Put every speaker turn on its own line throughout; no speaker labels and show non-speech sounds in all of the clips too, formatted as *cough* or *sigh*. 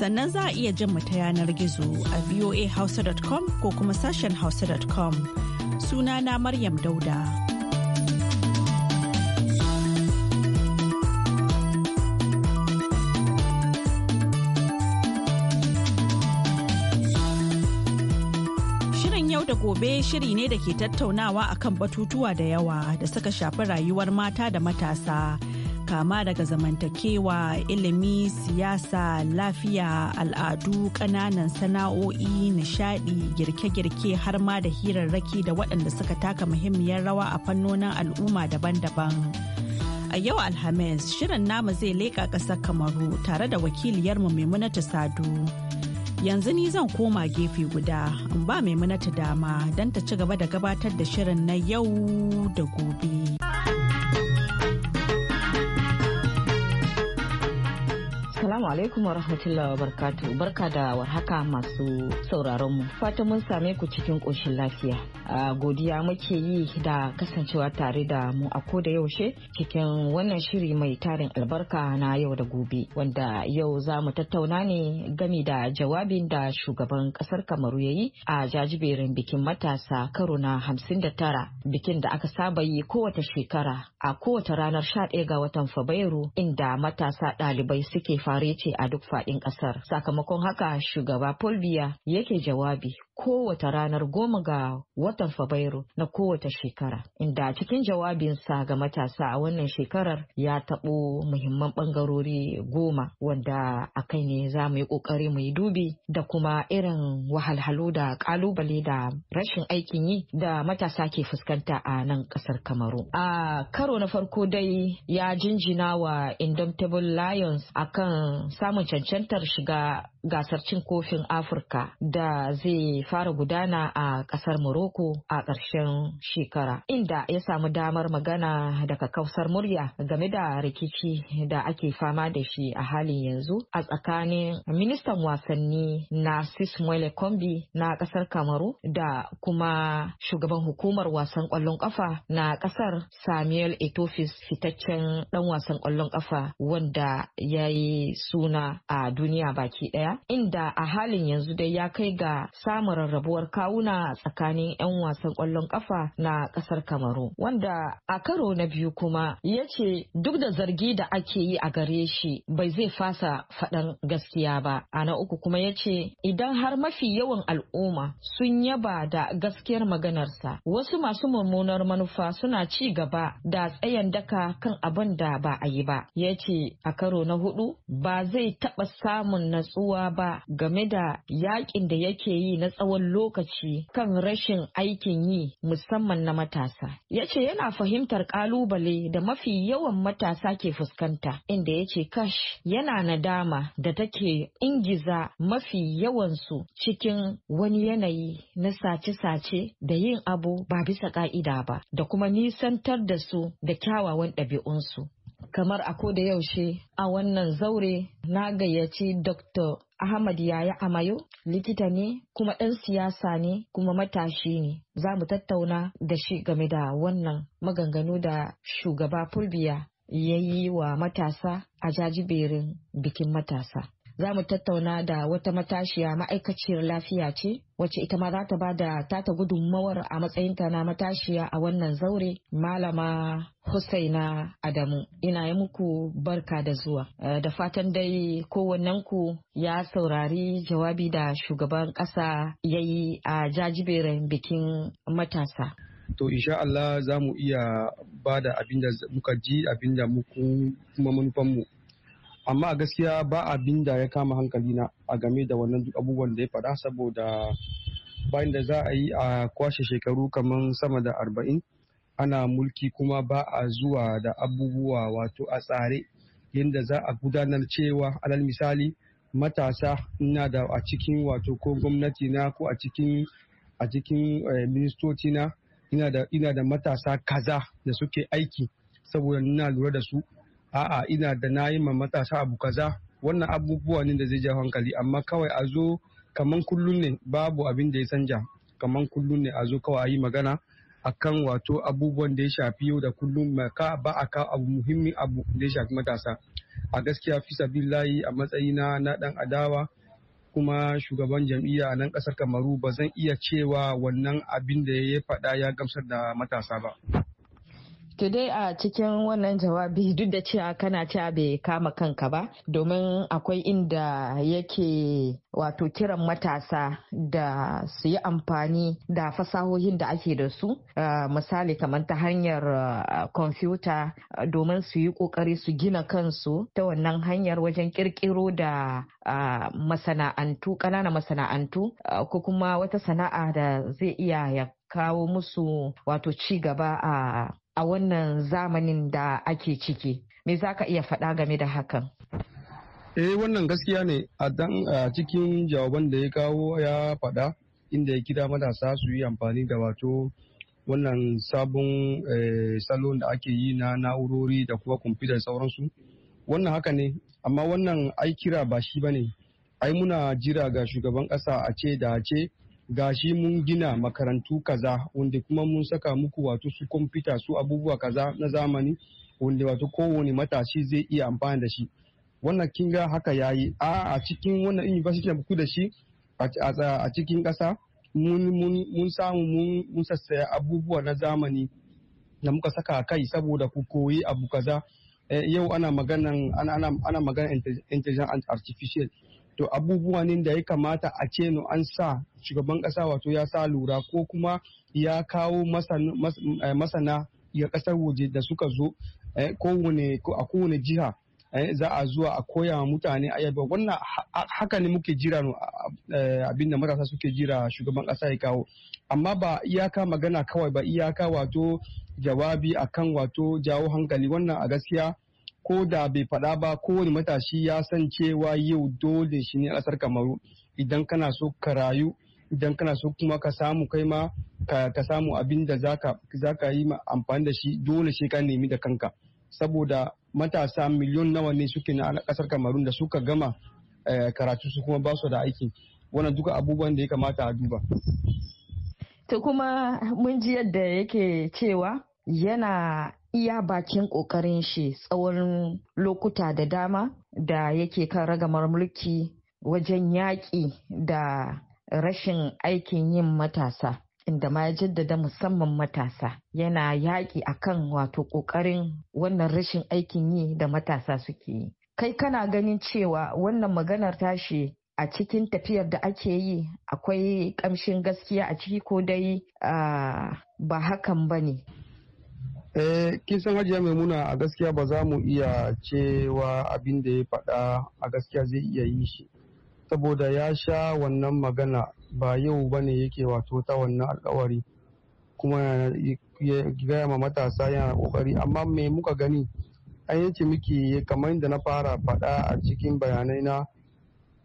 sannan za a iya jin mu ta yanar gizo a voahausa.com ko kuma sashen hausa.com na maryam dauda. da gobe shiri ne da ke tattaunawa akan batutuwa da yawa da suka shafi rayuwar mata da matasa kama daga zamantakewa ilimi siyasa lafiya al'adu ƙananan sana'o'i nishadi girke-girke har ma da hirarraki da waɗanda suka taka muhimmiyar rawa a fannonin al'umma daban-daban a yau alhamis shirin namu zai leƙa ƙasar kamaru tare da wakiliyarmu maimunatu sadu yanzu ni zan koma gefe guda in ba maimunatu dama don ta ci gaba da gabatar da shirin na yau da gobe.
Assalamu alaikum wa rahmatullahi wa barkatu. Barka da warhaka masu sauraron mu. Fata mun same ku cikin ƙoshin lafiya. A Godiya muke yi da kasancewa tare da mu a ko da yaushe cikin wannan shiri mai tarin albarka na yau da gobe wanda yau za mu tattauna ne game da jawabin da shugaban ƙasar Kamaru ya yi a jajiberin bikin matasa karo na hamsin da tara bikin da aka saba yi kowace shekara a kowace ranar sha ɗaya ga watan Fabrairu inda matasa ɗalibai suke faru. ce a duk faɗin ƙasar. Sakamakon haka shugaba Paul Biya yake jawabi kowace ranar goma ga watan Fabrairu na kowace shekara, inda cikin jawabinsa ga matasa a wannan shekarar ya taɓo muhimman ɓangarori goma wanda a kai ne za mu yi ƙoƙari mu yi dubi da kuma irin wahalhalu da ƙalubale da rashin aikin yi da matasa ke fuskanta a nan ƙasar Kamaru. A karo na farko dai ya jinjina wa Indomitable Lions akan samun cancantar shiga gasar cin kofin Afirka da zai fara gudana a kasar Morocco a ƙarshen shekara inda ya samu damar magana daga kausar murya game da rikici da ake fama da shi a halin yanzu a tsakanin ministan wasanni na Sismoile Kombi na ƙasar Kamaru da kuma shugaban hukumar wasan ƙwallon ƙafa na ƙasar Samuel Etofis fitaccen ɗan wasan ƙwallon ƙafa wanda ya yi suna a duniya baki ɗaya inda a halin yanzu dai ya kai ga samun rarrabuwar kawuna tsakanin 'yan wasan kwallon kafa na kasar kamaru wanda a karo na biyu kuma ya ce duk da zargi da ake yi a gare shi bai zai fasa faɗan gaskiya ba a na uku kuma ya ce idan har mafi yawan al'umma sun yaba da gaskiyar maganarsa wasu masu mummunar manufa suna ci gaba da tsayan daka kan abin da ba a yi ba ya ce a karo na hudu ba zai taɓa samun natsuwa ba game da yakin da yake yi na tsawon lokaci kan rashin aikin yi musamman na matasa. Ya ce yana fahimtar kalubale da mafi yawan matasa ke fuskanta inda ya ce kash yana nadama da take ingiza mafi yawansu cikin wani yanayi na sace-sace da yin abu ba bisa ka'ida ba da kuma nisantar da su da kyawawan ɗabi'unsu. kamar a ko da yaushe a wannan zaure na gayyaci dr Ahmad Yaya Amayo likita ne kuma ɗan siyasa ne kuma matashi ne. Za mu tattauna da shi game da wannan maganganu da shugaba Fulbiya ya yi wa matasa a jajiberin bikin matasa. za mu tattauna da wata matashiya ma'aikaciyar lafiya ce wacce ita ma za ta ba da tata gudunmawar a matsayinta na matashiya a wannan zaure malama Husaina Adamu ina yi muku barka da zuwa eh, da fatan dai kowannenku ya saurari jawabi da shugaban ƙasa ya yi a jajiberin bikin matasa.
to insha Allah za mu iya ba da abin muka ji abin da kuma manufanmu amma gaskiya ba abin da ya kama hankali na a game da wannan duk abubuwan da ya faɗa saboda bayan da za a yi a kwashe shekaru kamar sama da arba'in ana mulki kuma ba a zuwa da abubuwa wato a tsare yadda za a gudanar cewa alal misali matasa ina da a cikin wato ko gwamnati na ko a cikin a cikin eh, ministoci na ina da matasa kaza da suke aiki saboda ina lura da su a'a ina da na yi ma matasa abu kaza wannan abubuwa ne da zai ja hankali amma kawai a zo kaman kullum ne babu abin da ya canja kaman kullum ne a zo kawai a yi magana akan wato abubuwan da ya shafi yau da kullum ka ba a ka abu muhimmin abu da ya shafi matasa a gaskiya fi sabillahi a matsayina na dan adawa kuma shugaban jam'iyya a nan kasar kamaru ba zan iya cewa wannan abin da ya faɗa ya gamsar da matasa ba
dai a cikin wannan jawabi *laughs* duk da cewa kana cewa bai kama kanka ba domin akwai inda yake wato kiran matasa da su yi amfani da fasahohin da ake da su misali kamar ta hanyar kwamfuta domin su yi kokari su gina kansu ta wannan hanyar wajen kirkiro da masana'antu ƙananan masana'antu ko kuma wata sana'a da zai iya kawo musu wato ci gaba a a wannan zamanin da ake ciki me za ka iya faɗa game da hakan
e wannan gaskiya ne a dan cikin jawaban da ya kawo ya faɗa inda ya kira matasa su yi amfani da wato wannan sabon eh, salon da ake yi na na'urori da kuma kwamfutar sauransu wannan haka ne amma wannan ai kira ba shi ba ne ai muna jira ga shugaban ƙasa a ce da ce gashi mun gina makarantu kaza wanda kuma mun saka muku wato su kwamfuta su abubuwa kaza na zamani wanda wato kowane matashi zai iya amfani da shi wannan kinga haka ya yi a cikin wannan university da da shi a cikin kasa mun samu mun sassaya abubuwa na zamani da muka saka kai saboda ku koyi abu kaza eh, yau ana maganan ana maganan intelligent artificial to abubuwa ne da ya kamata a ce no an sa shugaban kasa wato ya sa lura ko kuma ya kawo eh, masana ya kasar waje da suka zo eh, a kowane jiha eh, za a zuwa a koya wa mutane a yabo wannan haka ne muke jira abin da matasa suke jira shugaban kasa ya kawo amma ba iyaka magana kawai ba iyaka wato jawabi akan wato jawo hankali wannan a gaskiya ko da bai faɗa ba kowane matashi ya san cewa yau dole shi ne ƙasar kamaru idan kana so ka rayu idan kana so kuma ka samu kai ma ka samu abin da za ka yi amfani da shi dole shi ka nemi da kanka saboda matasa miliyon nawa ne suke na ƙasar kamarun da suka gama eh, karatu su kuma ba su da aiki wannan duka abubuwan da ya kamata a duba
Ta kuma mun ji yadda yake cewa yana iya bakin ƙoƙarin shi tsawon lokuta da dama da yake kan ragamar mulki wajen yaƙi da rashin aikin yin matasa inda ma ya jaddada musamman matasa yana yaƙi a kan wato ƙoƙarin wannan rashin aikin yi da matasa suke yi kai kana ganin cewa wannan maganar tashi a cikin tafiyar da ake yi akwai ƙamshin gaskiya a ciki ko dai ah, ba hakan ba ne
Eh, kin san hajiya maimuna a gaskiya ba za mu iya cewa abin da ya faɗa a gaskiya zai iya yi shi saboda ya sha wannan magana ba yau ba ne yake wato ta wannan alkawari kuma ya gaya ma matasa yana kokari amma me muka gani an yace miki kamar da na fara faɗa a cikin bayanai na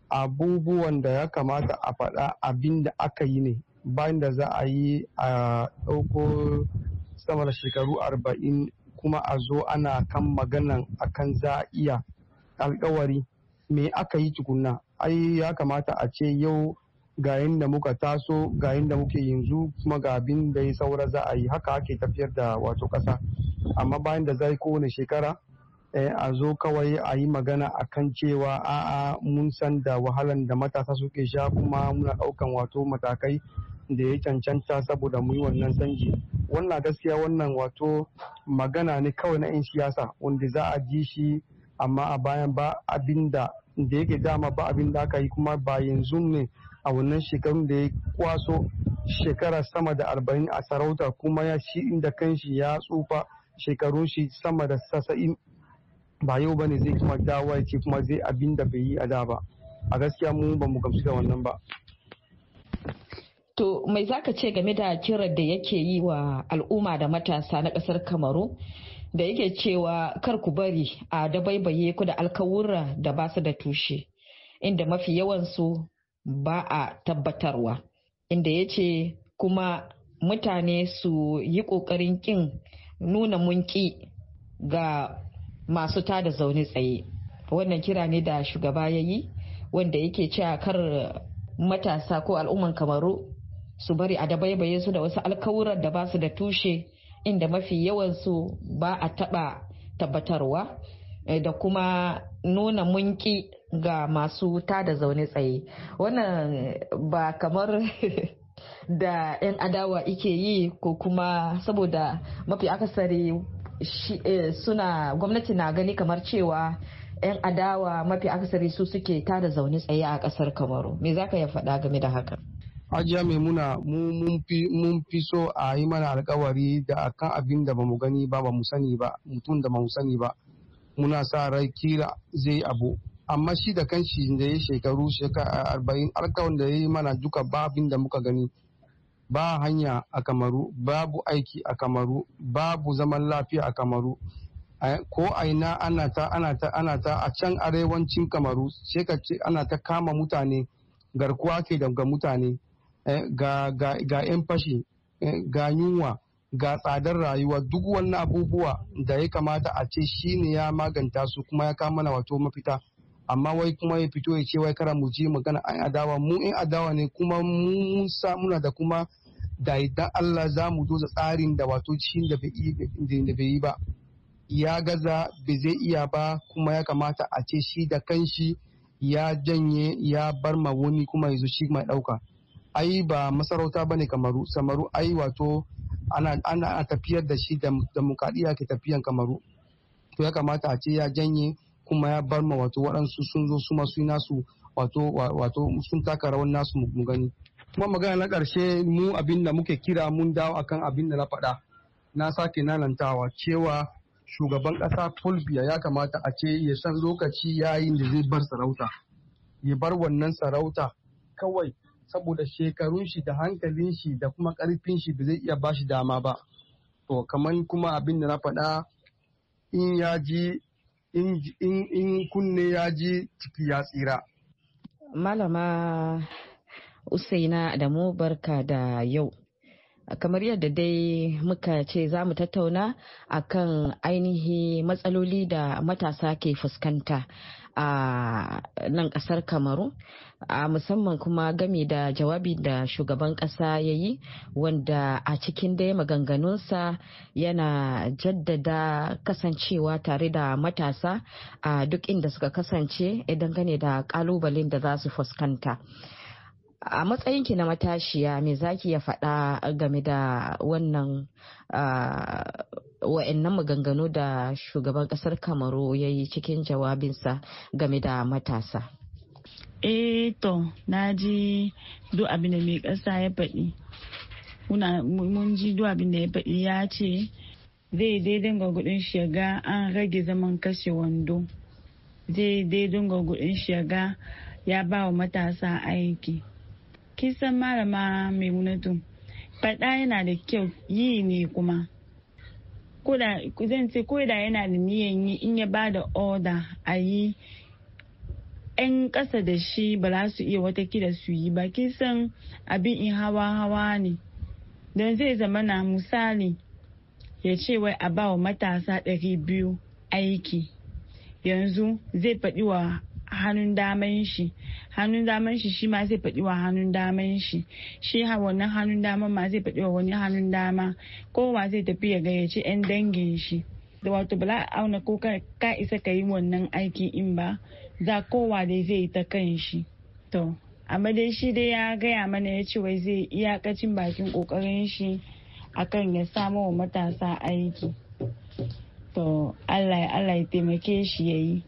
abubuwan da ya kamata a faɗa abin da aka yi ne bayan da za a yi a ɗauko sama da shekaru arba'in kuma a zo ana kan maganan akan za iya alkawari me aka yi tukunna ai ya kamata a ce yau ga da muka taso ga da muke yanzu kuma ga abin da ya saura za a yi haka ake tafiyar da wato kasa amma bayan da zai kowane shekara eh, a zo kawai a yi magana a kan cewa a'a mun san da wahalan da matasa suke sha kuma muna ɗaukan wato matakai da ya cancanta saboda mu yi wannan canji wannan gaskiya wannan wato magana ne kawai na 'yan siyasa wanda za a ji shi amma a bayan ba abin da da yake dama ba abin da aka yi kuma ba yanzu ne a wannan shekarun da ya kwaso shekara sama da arba'in a sarauta kuma ya shi inda kanshi ya tsufa shekarun shi sama da sassa'in ba yau ba ne zai kuma dawa ya ce kuma zai abin bai yi a da ba a gaskiya mu ba mu gamsu da wannan ba
To mai zaka ce game da kiran da yake yi wa al'umma da matasa na ƙasar Kamaru da yake cewa kar ku bari a dabaibaye ku da alkawura da ba su da tushe inda mafi yawansu ba a tabbatarwa inda ya ce kuma mutane su yi ƙoƙarin ƙin nuna munki ga masu tada zaune tsaye wannan kira ne da shugaba ya yi wanda yake cewa kar matasa ko al'umman kamaru su bari a dabaibaye su da wasu alkawuran da ba su da tushe inda mafi yawansu ba a taba tabbatarwa eh, da kuma nuna munki ga masu tada zaune tsaye wannan ba kamar *laughs* da 'yan adawa ike yi ko kuma saboda mafi akasari eh, suna gwamnati na gani kamar cewa 'yan adawa mafi akasari su suke tada zaune tsaye a kasar kamaru me za ka ya faɗa game da haka
hajiya maimuna mun fi so a yi mana alkawari da akan abin da ba mu gani ba mu sani ba mutum da mu sani ba muna sa rai kira zai abu amma shi da kanshi da ya shekaru shekara arba'in alkawarin da ya yi mana duka ba abin da muka gani ba hanya a kamaru babu aiki a kamaru babu zaman lafiya a kamaru ko aina ana ta ana ta ana ta a can arewancin kamaru sai ana ta kama mutane garkuwa ke daga mutane Eh, ga 'yan fashi eh, ga yunwa ga tsadar rayuwa duk wannan abubuwa da ya kamata a ce shi ne ya maganta su kuma ya kama mana wato mafita amma wai kuma ya fito ya ce wai kara mu ji magana an adawa mu in adawa ne kuma mu sa muna da kuma da idan Allah za mu zo tsarin da wato shi da bai yi ba ya gaza bai zai iya ba kuma ya kamata a ce shi da kanshi ya janye ya bar ma wani kuma ya zo shi mai ɗauka ai ba masarauta bane kamaru samaru ai wato ana ana tafiyar da shi da mukadiya ke tafiyan kamaru to ya kamata a ce ya janye kuma ya bar ma wato waɗansu sun zo su masu nasu wato wato sun taka rawar nasu mu gani kuma magana na ƙarshe mu abin da muke kira mun dawo akan abin da na faɗa na sake nanantawa cewa shugaban ƙasa fulbiya ya kamata a ce ya san lokaci yayin da zai bar sarauta ya bar wannan sarauta kawai saboda shekarun shi da hankalin shi da kuma karfin shi ba zai iya ba shi dama ba to kaman kuma abin da na faɗa in ya ji in kunne ya ji ciki ya tsira
malama usaina da mu barka da yau kamar yadda dai muka ce za mu tattauna kan ainihi matsaloli da matasa ke fuskanta a nan kasar kamaru a musamman kuma game da jawabi da shugaban kasa ya yi wanda a cikin dai maganganunsa yana jaddada kasancewa tare da matasa a duk inda suka kasance idan gane da kalubalen da za su fuskanta. a matsayin ki na matashiya me zaki ya faɗa game da wannan wa'annan maganganu da shugaban ƙasar kamaru ya yi cikin jawabinsa game da matasa
eh to na ji duk abin da mai ƙasa ya faɗi mun ji duk abin da ya faɗi ya ce zai ga gudun shiga an rage zaman kashe wando zai ga gudun shiga ya ba wa matasa aiki kin san malama maimunatu faɗa yana da kyau yi ne kuma koda zan ce koda yana da niyan yi in ya ba da oda a yi 'yan ƙasa da shi ba za su iya wata watakila su yi ba kin abin in hawa hawa ne don zai zama na misali ya ce wai a ba wa matasa ɗari biyu aiki yanzu zai faɗi wa hannun daman shi hannun daman shi shi ma zai faɗi wa hannun daman shi shi ha wannan hannun daman ma zai faɗi wa wani hannun dama kowa zai tafi ya gayyaci 'yan dangin shi da wato bala auna ko ka isa ka yi wannan aiki in ba za kowa da zai yi ta kan shi to amma dai shi dai ya gaya mana ya ce wai zai iyakacin bakin kokarin shi akan ya samo wa matasa aiki to allah ya taimake shi ya yi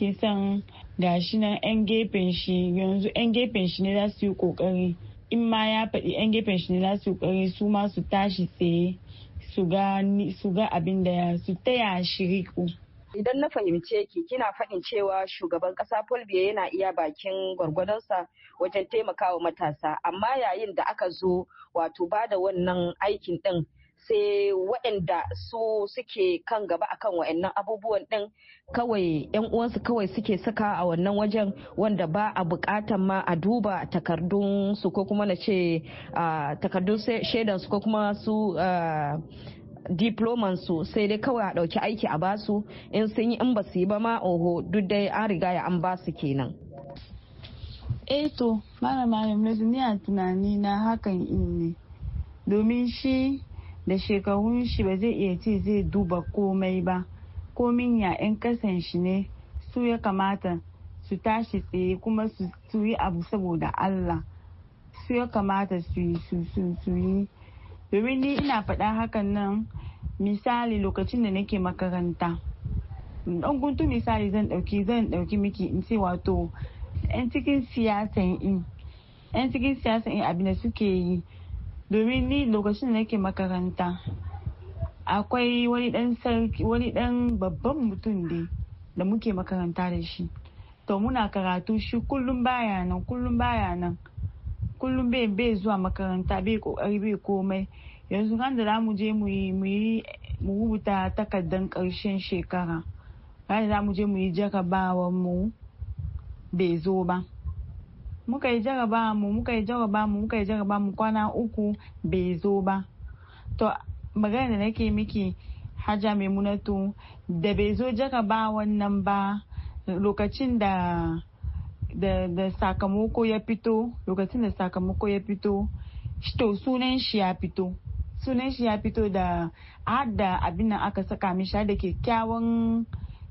ke son gashi nan 'yan gefen shi yanzu 'yan gefen shi ne za su yi kokari in ma ya faɗi 'yan gefen shi ne za su yi kokari su ma su tashi tsaye su ga abin da ya su taya shi
Idan na fahimce ki kina faɗin cewa shugaban ƙasa Fulbiya yana iya bakin gwargwadonsa wajen taimakawa matasa amma yayin da aka zo wato bada wannan aikin ɗin sai waɗanda su suke kan gaba akan waɗannan abubuwan ɗin kawai yan uwansu kawai suke saka a wannan wajen wanda ba a buƙatan ma a duba takardun su ko kuma na ce takardun shaidan su ko kuma su diploman su sai dai kawai a ɗauki aiki a basu in sun yi in ba su yi ba ma oho duk dai an riga ya an basu kenan.
eh to mara ne a tunani na hakan in ne domin shi da shekarun shi ba zai iya ce zai duba komai ba komin ya 'yan kasan shi ne su ya kamata su tashi tsaye kuma su yi abu saboda Allah su ya kamata su yi su yi domin ni ina faɗa hakan nan misali lokacin da nake makaranta don guntu misali zan ɗauki zan ɗauki miki in ce wato 'yan cikin siyasan in 'yan cikin siyasan in abin da suke yi domin ni lokacin da nake makaranta akwai wani dan sarki wani dan babban mutum ne da muke makaranta da shi to muna karatu shi kullum baya nan kullum baya nan kullum bai bai zuwa makaranta bai kokari bai komai yanzu kan da zamu je mu yi mu rubuta takardan karshen shekara kan da zamu je mu yi mu bai zo ba muka yi jaraba mu muka yi jaraba mu muka yi jaraba mu kwana uku bai zo ba to magana da nake miki hajja munatu da bai zo jaraba wannan ba lokacin da da sakamako ya fito lokacin da sakamako ya fito to sunan shi ya fito sunan shi ya fito da har da abin nan aka saka mishi da kyakkyawan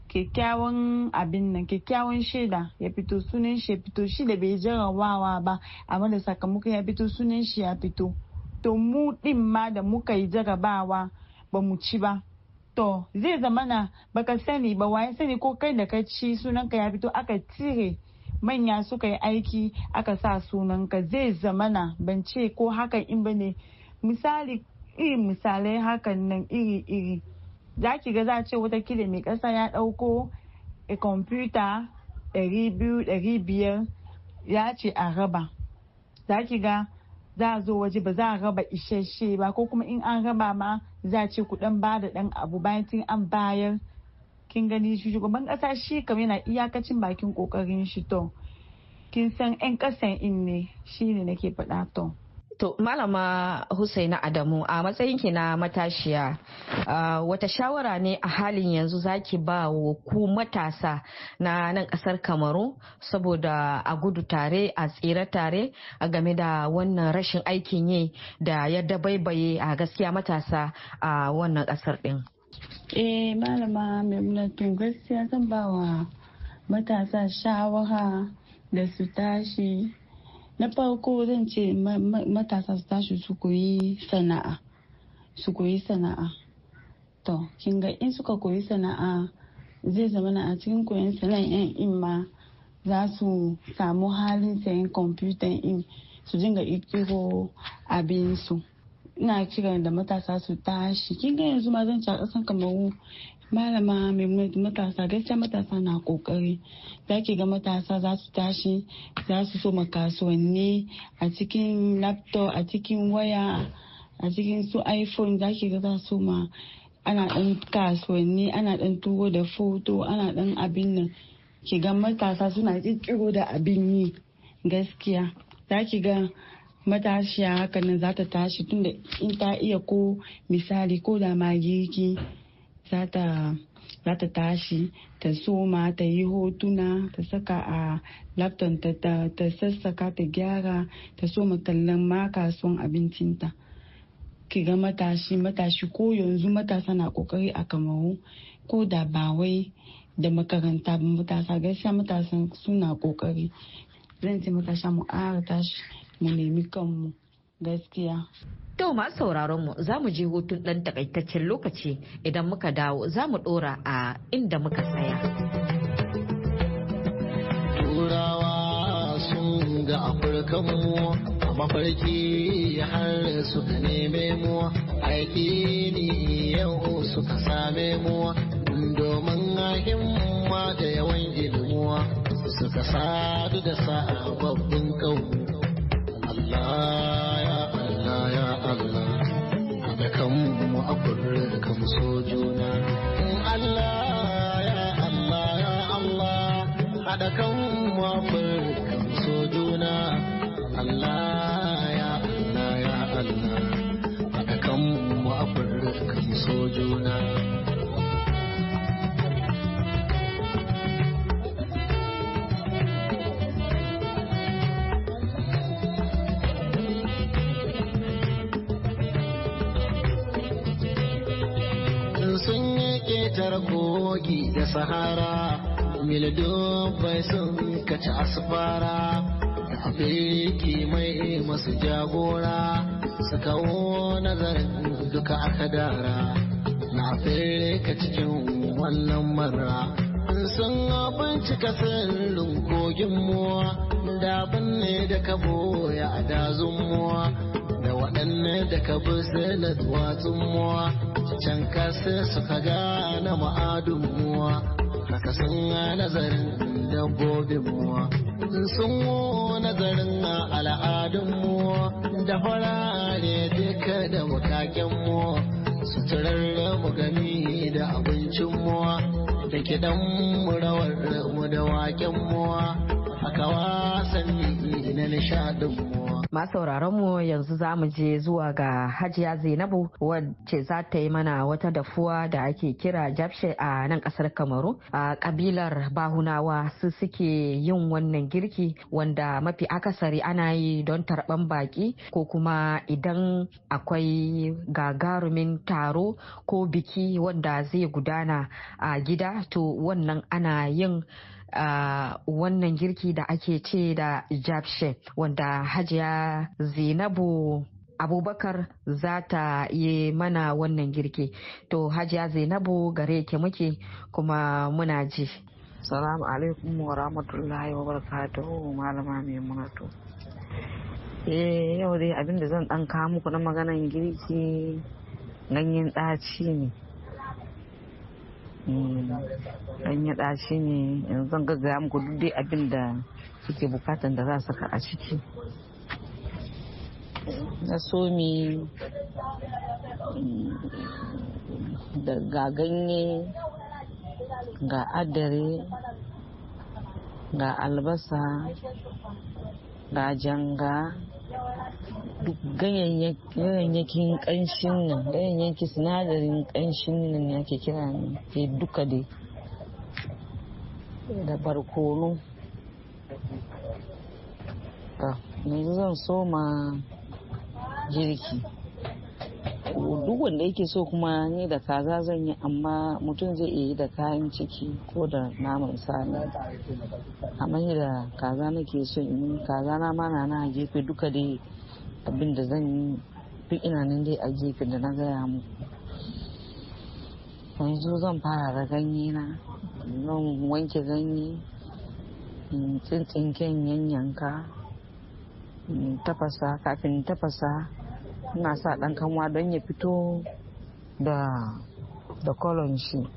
kyakkyawan abin nan kyakkyawan shaida ya fito sunan shi ya fito shi da bai jarrabawa ba amma da sakamakon ya fito sunan shi ya fito to mu din ma da muka yi jarabawa ba mu ci ba to zai zamana baka sani ba waye sani ko kai da ka ci sunanka ya fito aka cire manya suka yi aiki aka sa sunanka zai zamana ban ce ko hakan in ba ne misali iri misalai hakan nan iri-iri za ki ga za a ce kila mai ƙasa ya ɗauko a kwamfuta 200-500 ya ce a raba za ki ga za a zo waje ba za a raba isasshe ba ko kuma in an raba ma za a ce ku ɗan ba da ɗan abu bayan tun an bayar kin gani shi shugaban ƙasa shi kam yana iyakacin bakin ƙoƙarin shi to kin san 'yan kasan in ne shine nake faɗa to. To Malama
Husaina Adamu a matsayin ki na matashiya wata shawara ne a halin yanzu zaki ba wa ku matasa na nan kasar Kamaru saboda a gudu tare a tsira tare a game da wannan rashin aikin yi da ya dabaibaye a gaskiya matasa a wannan kasar din.
Eh Malama Maimunatu gaskiya zan ba wa matasa shawara da su tashi na farko zan ce matasa su tashi su koyi sana'a su koyi sana'a to kin in suka koyi sana'a zai zama a cikin koyon sana'a yan in ma za su samu halin sayan kwamfutan in su dinga abin su ina kiran da matasa su tashi kin ga yanzu ma zan ci a kasan kamaru malama mai matasa gaskiya matasa na kokari za ki ga matasa za su tashi za su so kasuwanni a cikin laptop a cikin waya a cikin su iphone za ki ga za su ma ana dan kasuwanni ana dan turo da foto ana dan abin nan ki ga matasa suna kirkiro da abin yi gaskiya za ki ga matashiya haka nan za ta tashi tunda in ta iya ko misali ko da ma girki za ta tashi ta soma ta yi hotuna ta saka a laptop ta, ta, sassaka ta gyara ta soma kallon ma kasuwan abincinta ki ga matashi matashi ko yanzu matasa na kokari a kamaru ko da ba wai da makaranta ba matasa gaisa matasan suna kokari zan ce matasa mu ara tashi mu nemi kanmu gaskiya.
To masu sauraron mu za mu je hutun ɗan takaitaccen lokaci idan muka dawo za mu ɗora a inda muka tsaya.
Turawa sun ga afirkan mu a mafarki har suka neme mu aiki ni yau suka same mu domin ma da yawan ilimuwa suka sadu da sa'a babban kawo. Allah ya Allah ya Allah da kan mu aburin kan so juna Allah ya Allah ya Allah hada kan mu aburin kan so juna Allah ya Allah ya Allah hada kan mu aburin kan so juna kogi da sahara milidon bai sun kaci asfara da abiki mai masu jagora su kawo nazarin duka aka dara na afirka cikin wannan mara sun bincika sun lungogin muwa da ne da ka boya a dazun muwa da waɗanne da ka bi silat watsun can kasa suka gane ma'adun muwa haka sun nazarin dabbobin muwa sun nazarin al'adun muwa da farare duka da bukaken muwa suturar mu gani da abincin muwa da kiɗan mu rawar mu da waken muwa haka wasanni na nishadin muwa masauraran mu yanzu za mu je zuwa
ga hajiya zainabu wacce za ta yi mana wata dafuwa da ake kira jabshe a nan kasar kamaru a kabilar bahunawa su suke yin wannan girki wanda mafi akasari ana yi don tarban baki ko kuma idan akwai gagarumin taro ko biki wanda zai gudana a gida to wannan ana yin wannan girki da ake ce da japshe wanda hajiya zainabu abubakar za ta yi mana wannan girki to hajiya zainabu gare ke muke
kuma muna ji salamu alaikum wa rahmatullahi wa barakatuhu malama mai munatu eh yau dai abinda zan dan kawo muku na maganan girki ganyen ɗaci ne Mm. an yi ɗashi ne yanzu gaggaya muku duk dai abin da suke bukatan da za su ka a ciki na somi mm, da ga ganye
ga adare ga albasa
ga janga ganyayyakin kanshin nan ganyayyakin sinadarin kanshin nan ya ke kira ne ke duka dai da barkono yanzu zan soma girki duk wanda yake so kuma ni da kaza zan yi amma mutum zai iya yi da kayan ciki ko da naman sani amma ni da kaza nake so in kaza na ma na a gefe duka dai abin da zan yi duk ina nan dai a gefe da na gaya mu yanzu zan fara da ganye na zan wanke ganye in tsintsinken yanyanka tafasa kafin tafasa ina sa ɗan kanwa don ya fito da kolon shi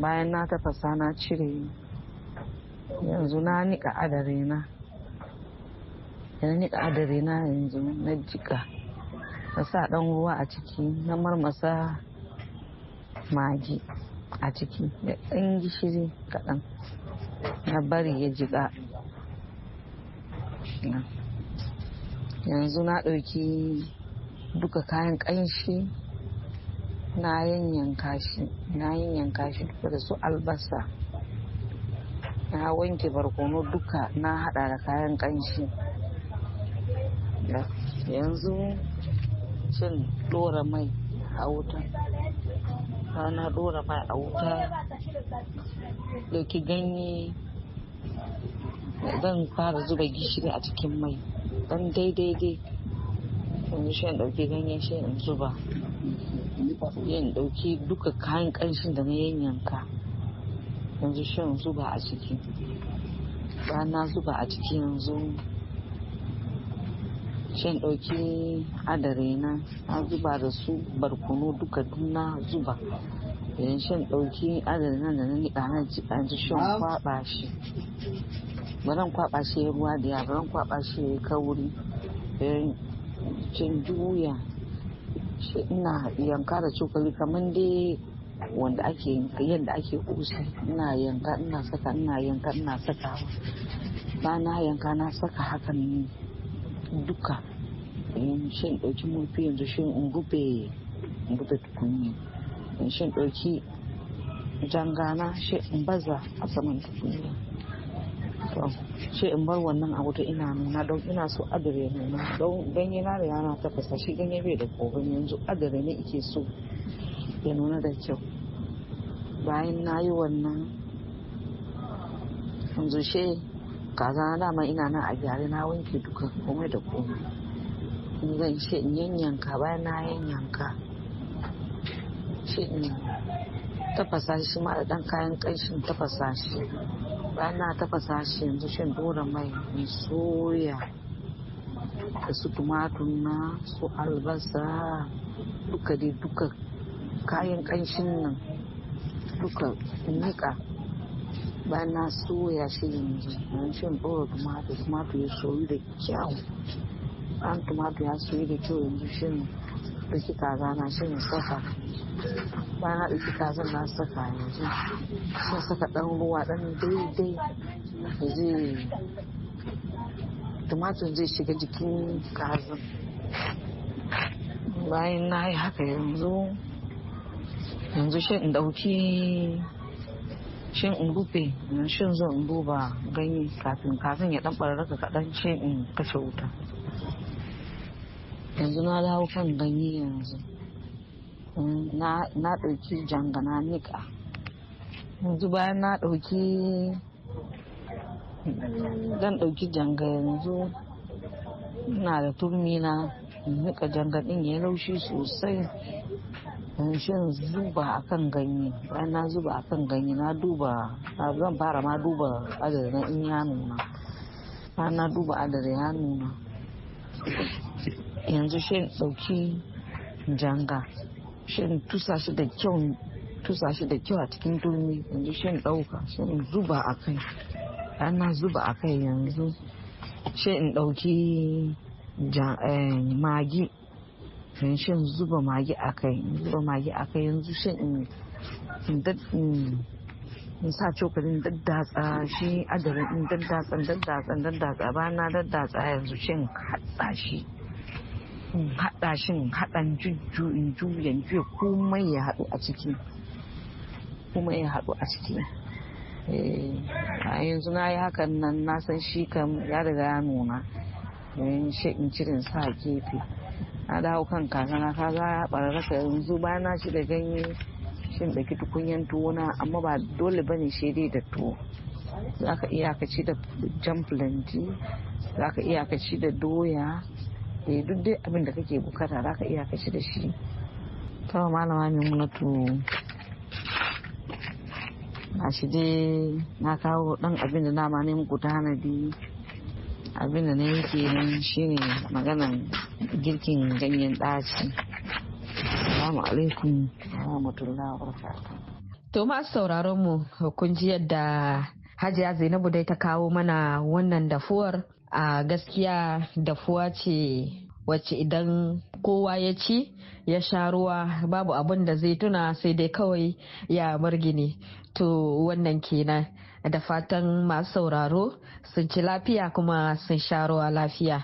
bayan na tafasa na cire yanzu na nika adare na yana nika adare na yanzu na jika na sa ɗan ruwa a ciki na marmasa magi a ciki da ɗan gishiri kaɗan na bari ya jika yanzu na ɗauki duka kayan ƙanshi na yanyanka shi na yanyanka shi duka da su albasa na wanke barkono duka na haɗa da kayan ƙanshi yanzu cin ɗora mai a wuta rana ɗora mai a wuta ɗauki ganye zan fara zuba gishiri a cikin mai dan daidai wani shi in ɗauki ganyen shi in zuba yin ɗauki duka kayan ƙanshin da na yanyanka yanzu shi in zuba a ciki bayan na zuba a ciki yanzu shi in ɗauki adare na na zuba da su barkono duka duk na zuba yanzu shi in ɗauki adare na da na niƙa na yanzu shi kwaɓa shi baran kwaba shi ruwa da ya baran kwaba shi kauri cin juya shi ina yanka da cokali kamar dai wanda ake yadda ake kusa ina yanka ina saka ina yanka ina saka ba na yanka na saka hakan duka shin ɗauki murfi yanzu shin in rufe in rufe tukunni shin ɗauki jangana shi in baza a saman tukunni son shi in bar wannan a wuta ina nuna don ina so adare nuna don ganye na da yana tafasa shi ganye bai da kogon yanzu adare ne ike so ya nuna da kyau bayan na yi wannan yanzu she kaza na dama ina nan a gyare na wanke duka komai da komai in zan she in yanyanka bayan na yanyanka she in tafasa shi ma da dan kayan kanshin tafasa shi Bana na tafasa shi yanzu shan dora mai in soya da su tumatur na su albasa duka dai duka kayan kanshin nan duka nika bana na soya shi yanzu yanzu shan dora tumatur tumatur ya soyu da kyau an tumatur ya soyu da kyau yanzu shan ɗauki kaza na shi ne saka bayan haɗu ɗauki kazan na saka yanzu sun saka ɗan ruwa ɗan daidai da zai tumatir zai shiga jikin kazan bayan na yi haka yanzu yanzu shi in ɗauki shin in rufe shin zan duba ganye kafin kafin ya ɗan ɓararraka kaɗan shi in kashe wuta yanzu na dawo kan ganye yanzu na ɗauki jangana nika yanzu bayan na ɗauki zan ɗauki janga yanzu
ina da turmi na
nika janga ɗin ya laushi sosai shan zuba a kan ganye bayan na zuba a kan ganye na duba zan fara ma duba adadin in ya nuna bayan na duba adadin ya nuna yanzu shin ɗauki janga shin tusa shi da kyau tusa shi da kyau a cikin turmi yanzu shin ɗauka shi zuba a kai ana zuba a kai yanzu shin ɗauki eh, magi shin zuba magi a kai zuba magi a kai yanzu shin in in sa cokalin daddatsa shi adadin in daddatsa daddatsa daddatsa ba na daddatsa yanzu shin hatsa shi in haɗa shin haɗan jujjuyin juya komai ya haɗu a ciki kuma ya haɗu a ciki eh, a yanzu na yi hakan nan na san shi kam ya riga ya nuna shi in cirin sa gefe na dawo kan kaza na kaza ya yanzu bayan na ci da ganye shin da ki tukunyan tuwo na amma ba dole ba ne shi da tuwo za ka iya ka ci da jan za ka iya ka ci da doya sai eh, duk dai abin da kake bukata za ka iya kashi da shi to malama maimunatu a shi dai na kawo dan abin da ma ne muku ta hanadi abin da na yake nan shine maganan girkin ganyen ɗaci assalamu alaikum rahmatullahi wa barakatuh
to masu sauraron mu kun ji yadda Hajiya Zainabu dai ta kawo mana wannan dafuwar a gaskiya dafuwa ce wacce idan kowa ya ci ya sha ruwa babu abin da zai tuna sai dai kawai ya margini to wannan kenan da fatan masu sauraro sun ci lafiya kuma sun sha ruwa lafiya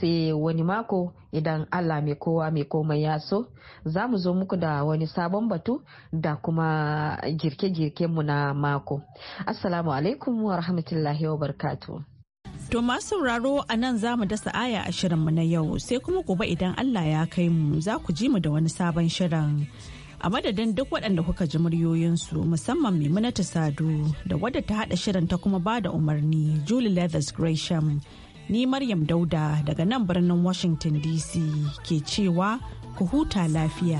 sai wani mako idan allah mai kowa mai komai ya so za mu zo muku da wani sabon batu da kuma girke mu na mako assalamu alaikum wa rahmatullahi wa barkatu
To masu sauraro a nan za mu dasa aya a shirinmu na yau sai kuma gobe idan Allah ya kai mu za ku ji mu da wani sabon shirin. A madadin duk waɗanda kuka ji muryoyinsu musamman ta Sadu da wadda ta haɗa shirin ta kuma ba da umarni Julie Leathers Gresham. Ni Maryam Dauda daga nan birnin Washington DC ke cewa ku huta lafiya.